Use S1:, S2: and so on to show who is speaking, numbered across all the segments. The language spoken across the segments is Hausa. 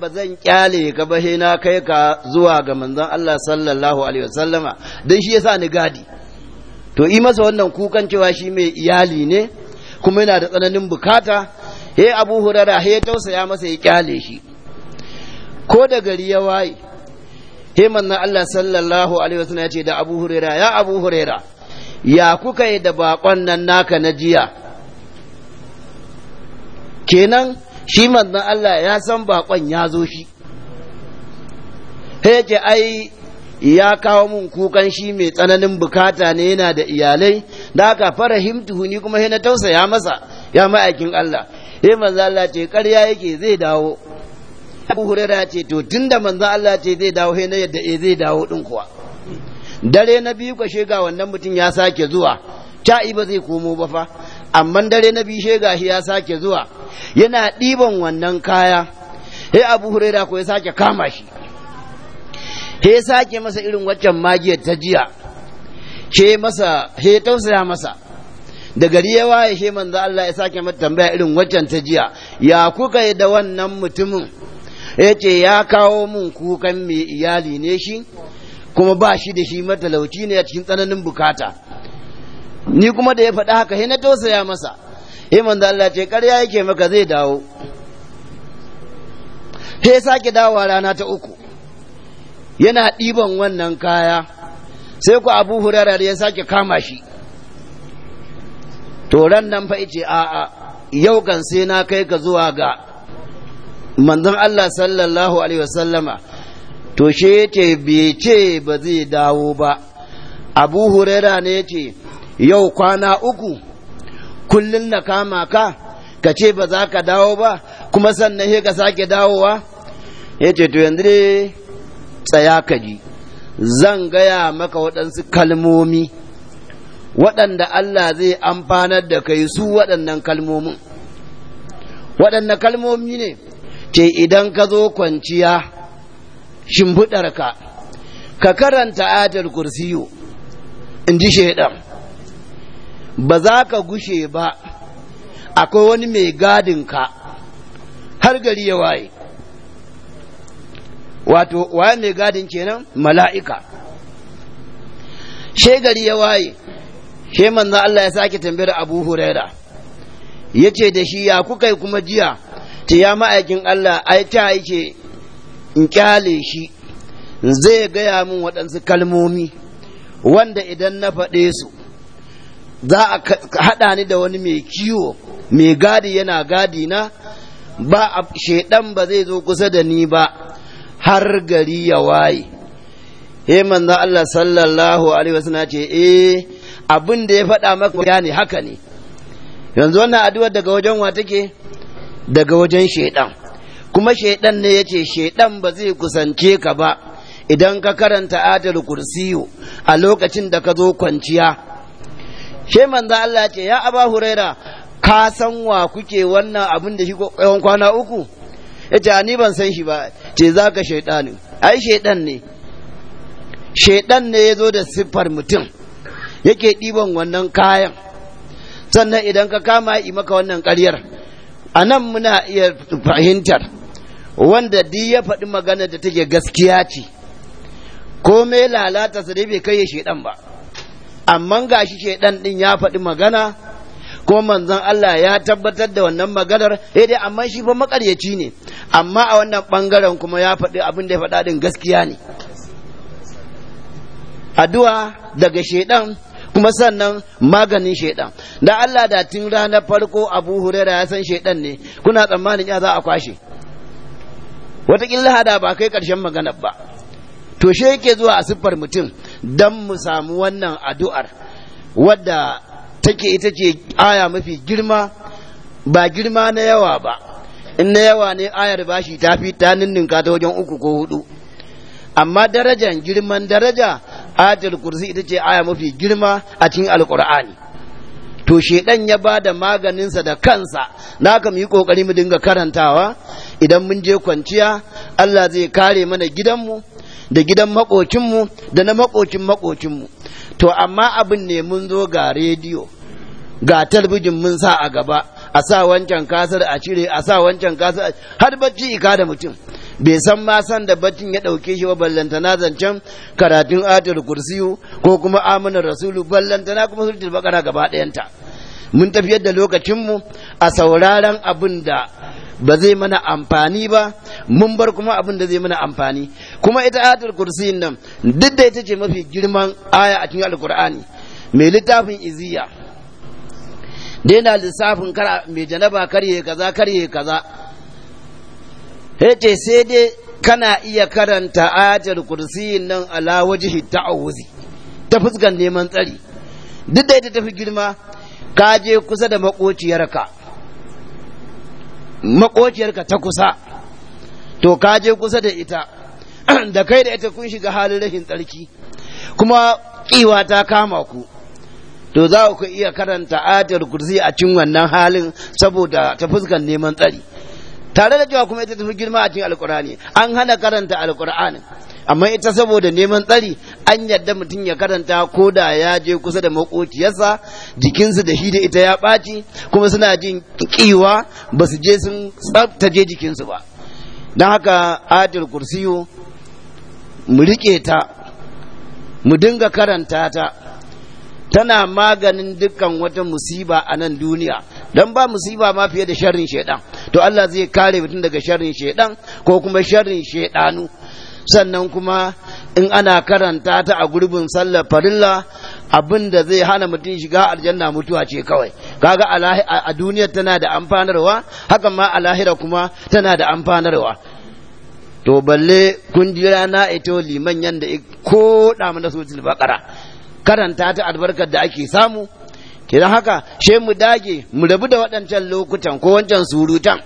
S1: ba zan kyale ka ba na kai ka zuwa ga manzon Allah sallallahu alaihi wasallama dan shi yasa ni gadi to yi masa wannan kukan cewa shi mai iyali ne kuma yana da tsananin bukata he Abu Hurairah he tausaya masa ya kyale shi ko da gari ya waye he manzon Allah sallallahu alaihi wasallama ya ce da Abu Hurairah ya Abu Hurairah ya kuka yi da bakon nan naka na jiya kenan shi manzan Allah ya san bakon ya zo shi sai ke ai ya kawo mun kukan shi mai tsananin bukata ne yana da iyalai da aka fara farahimtuhu ni kuma na tausaya masa ya ma'aikin Allah sai manzan Allah ce karya yake zai dawo Abu Hurairah ce to tunda manzan Allah ce zai dawo sai na yadda eh zai dawo din kuwa dare na biyu ka shiga wannan mutum ya sake zuwa ta'i ba zai komo ba fa amma dare na biyu gashi ya sake zuwa yana ɗiban wannan kaya sai abu huraira ko ya sake kama shi sai sake masa irin waccan magiyar ta jiya ke masa he tausaya masa da gari ya waye she manzo Allah ya sake mata tambaya irin waccan ta jiya ya kuka yi da wannan mutumin yace ya kawo mun kukan mai iyali ne shi kuma ba shi da shi matalauci ne a cikin tsananin bukata ni kuma da ya faɗa haka ya na tausaya masa iman da Allah ce ƙarya yake maka zai dawo he sake dawowa rana ta uku yana ɗiban wannan kaya sai ku abu hurarar ya sake kama shi to ran nan fa a'a yau kan sai na kai ka zuwa ga manzon Allah sallallahu alaihi wasallama to shi ce bai ce ba zai dawo ba abu huraira ne ce. yau kwana uku kullum na kama ka ka ce ba za ka dawo ba kuma sannan he ka sake dawowa ya ce to yanzu ne, tsaya ka ji zan gaya maka waɗansu kalmomi waɗanda Allah zai amfanar da kai su waɗannan kalmomin waɗannan kalmomi ne ce idan ka zo kwanciya shimfiɗarka ka karanta ayatul kursiyo in ji shaidan ba za ka gushe ba akwai wani mai gadin har gari ya waye wato waye mai gadin kenan mala'ika she gari ya waye she manza Allah ya sake tambayar Abu Huraira ce da shi ya kuka kuma jiya ta ya ma'aikin Allah ai ta yake in kyale shi zai gaya min waɗansu kalmomi wanda idan na faɗe su za a haɗa ni da wani mai kiwo mai gadi yana gadi na ba a shaidan ba zai zo kusa da ni ba har gari ya waye he manzo Allah sallallahu alaihi wasallam ce eh abin da ya faɗa maka ya ne haka ne yanzu wannan addu'ar daga wajen wa take daga wajen shaidan kuma shaidan ne yace shaidan ba zai kusance ka ba idan ka karanta adal kursiyo a lokacin da ka zo kwanciya she manzo Allah ce ya aba huraira ka san wa kuke wannan abin da shi yawan kwana uku yace ni ban san shi ba ce zaka shaytanin ai shaydan ne shaydan ne yazo da siffar mutum yake ɗiban wannan kayan sannan idan ka kama yi maka wannan karyar a nan muna iya fahimtar wanda di ya faɗi magana da take gaskiya ce ko me lalata su dai bai kai ya shaidan ba amma gashi shaiɗan din ya faɗi magana ko manzon Allah ya tabbatar da wannan maganar sai eh dai amma shi fa makaryaci ne amma a wannan bangaren kuma ya faɗi abin da ya faɗa din gaskiya ne addu'a daga shedan kuma sannan maganin shedan da Allah da tun ranar farko Abu Hurairah ya san shedan ne kuna tsammanin ya za a kwashe wataƙila hada ba kai ƙarshen maganar ba to she yake zuwa a siffar mutum don mu samu wannan addu'ar wadda take ita ce aya mafi girma ba girma na yawa ba in na yawa ne ayar bashi ta fi ta ninninka ta wajen uku ko hudu amma darajan girman daraja ayatul kursi ita ce aya mafi girma a cikin alkur'ani to shedan ya ba da maganinsa da kansa na kam yi kokari mu dinga karantawa idan mun je kwanciya Allah zai kare mana gidanmu da gidan makocinmu da na makocin makocinmu to amma abin ne mun zo ga rediyo ga talbijin mun sa a gaba a sa wancan kasar a cire a sa wancan kasar har bacci ika da mutum bai san ma san da baccin ya ɗauke shi wa ballantana zancen karatun atar kursiyu ko kuma amanar rasulu ballantana kuma sun tilba kara gaba ɗayanta mun tafiyar da lokacinmu a sauraron abin da ba zai mana amfani ba mun bar kuma abin da zai mana amfani kuma ita ayatul kursiyin nan duk da ita ce mafi girman aya a cikin alkur'ani mai littafin iziya yana lissafin kara mai janaba karye kaza karye kaza ce sai dai kana iya karanta ayatul kursiyin nan ala wajhi ta'awuzi ta fuskan neman tsari duk da ita tafi girma ka je kusa da makociyarka makociyarka ta kusa to ka je kusa da ita da kai da ita kun shiga halin rashin tsarki kuma kiwa ta kama ku to za ku iya karanta ayatul kursi a cikin wannan halin saboda ta fuskan neman tsari tare da cewa kuma ita ta fi girma a cikin alkur'ani an hana karanta alkur'anin amma ita saboda neman tsari an yadda mutum ya karanta ko da ya je kusa da makociyarsa jikinsu da shi da ita ya ɓaci kuma suna jin kiwa ba su je sun tsaftace jikinsu ba don haka ayatul kursiyo mu riƙe ta mu dinga karanta ta tana maganin dukkan wata musiba a nan duniya don ba musiba ma fiye da sharrin shaidan to Allah zai kare mutum daga sharrin shaidan ko kuma sharrin shaidanu sannan kuma in ana karanta ta a gurbin sallar farilla abin da zai hana mutum shiga aljanna mutuwa ce kawai kaga a duniyar tana da amfanarwa hakan ma a lahira kuma tana da amfanarwa to balle kundi rana ito liman yadda ko da mana suratul bakara karanta ta albarkar da ake samu kidan haka she mu dage mu rabu da waɗancan lokutan ko wancan surutan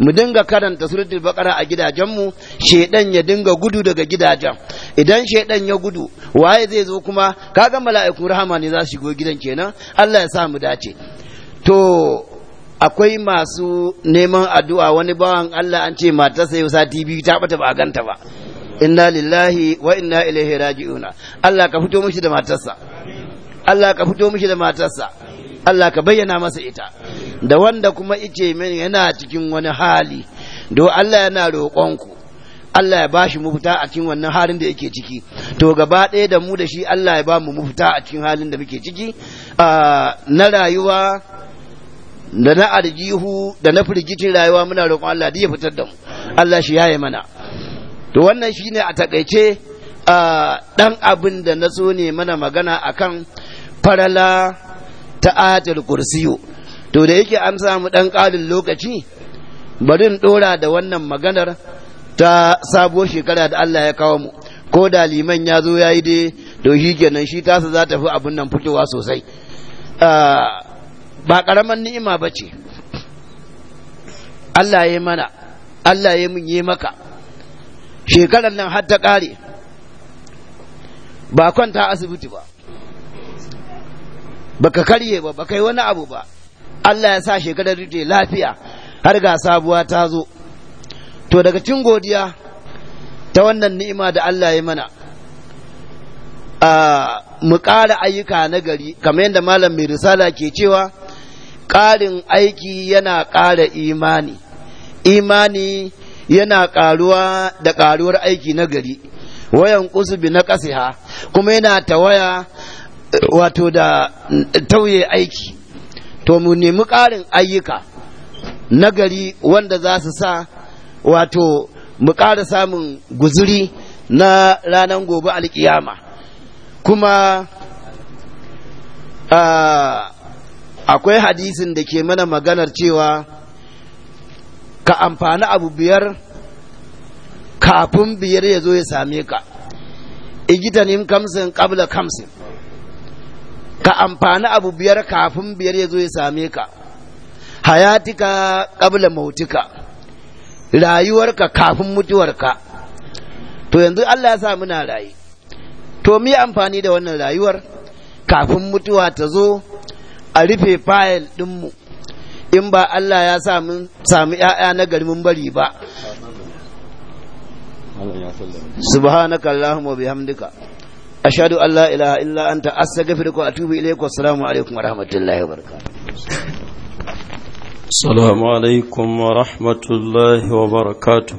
S1: mu dinga karanta suratul baqara a gidajenmu shedan ya dinga gudu daga gidajen idan shedan ya gudu waye zai zo kuma kaga mala'iku rahama ne za su shigo gidan kenan Allah ya sa mu dace to akwai masu neman addu'a wani bawan Allah an ce matarsa yau sati biyu ta bata ba a ganta ba inna lillahi wa inna ilaihi raji'una Allah ka fito mishi da matarsa Allah ka fito mishi da matarsa Allah ka bayyana masa ita da wanda kuma ice min yana cikin wani hali do Allah yana roƙonku Allah ya bashi mafita a cikin wannan halin da yake ciki to gaba ɗaya da mu da shi Allah ya ba mu mafita a cikin halin da muke ciki ah, na rayuwa da na arjihu da na firgitin rayuwa muna roƙon Allah da ya fitar da mu Allah shi yaye mana to wannan shine a takaice dan abin da na so ne mana magana akan farala ta ayatul to da yake an samu dan ƙarin lokaci bari in dora da wannan maganar ta sabuwar shekara da Allah ya kawo mu ko da liman ya zo ya yi dai to shi kenan shi tasa za ta fi abin nan fitowa sosai ba ƙaramin ni'ima ba ce Allah ya mana Allah ya mun yi maka shekarar nan har ta ƙare ba kwanta asibiti ba baka karye ba baka yi wani abu ba Allah ya sa shekarar rute lafiya har ga sabuwa ta zo to daga cin godiya ta wannan ni'ima da Allah ya mana mu ƙara ayyuka na gari kamar yadda malam mai risala ke cewa ƙarin aiki yana ƙara imani imani yana ƙaruwa da ƙaruwar aiki na gari wayan kusubi na ƙasiha kuma yana tawaya eh, wato da eh, tauye aiki to mu nemi ƙarin ayyuka na gari wanda za su sa wato mu ƙara samun guzuri na ranar gobe alƙiyama. kuma ah, akwai hadisin da ke mana maganar cewa ka amfani abu biyar kafin biyar ya zo ya same ka igitanin kamsin kabla kamsin ka amfani abu biyar kafin biyar ya zo ya same ka hayatika kabla mautika rayuwarka kafin mutuwarka to yanzu Allah ya sa muna rayi. to mi amfani da wannan rayuwar kafin mutuwa ta zo a rufe fayil ɗinmu in ba Allah ya sami ‘ya'ya na gari mun bari ba. Subhanaka Allahumma bihamdika. Ashadu Allah ilaha illa anta astaghfiruka wa atubu ilayka assalamu alaikum wa rahmatullahi wa barakatuh. Assalamu alaikum wa rahmatullahi wa barakatuh.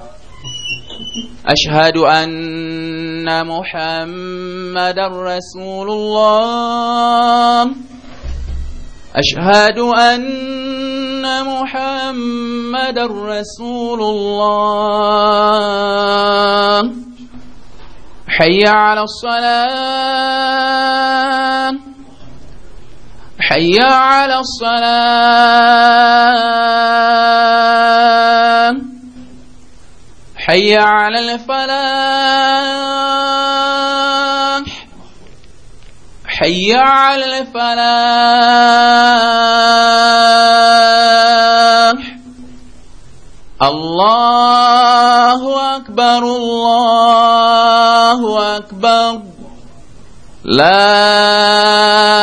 S2: أشهد أن محمدا رسول الله أشهد أن محمدا رسول الله حي على الصلاة حي على الصلاة حي على الفلاح حي على الفلاح الله أكبر الله أكبر لا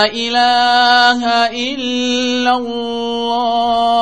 S2: إله إلا الله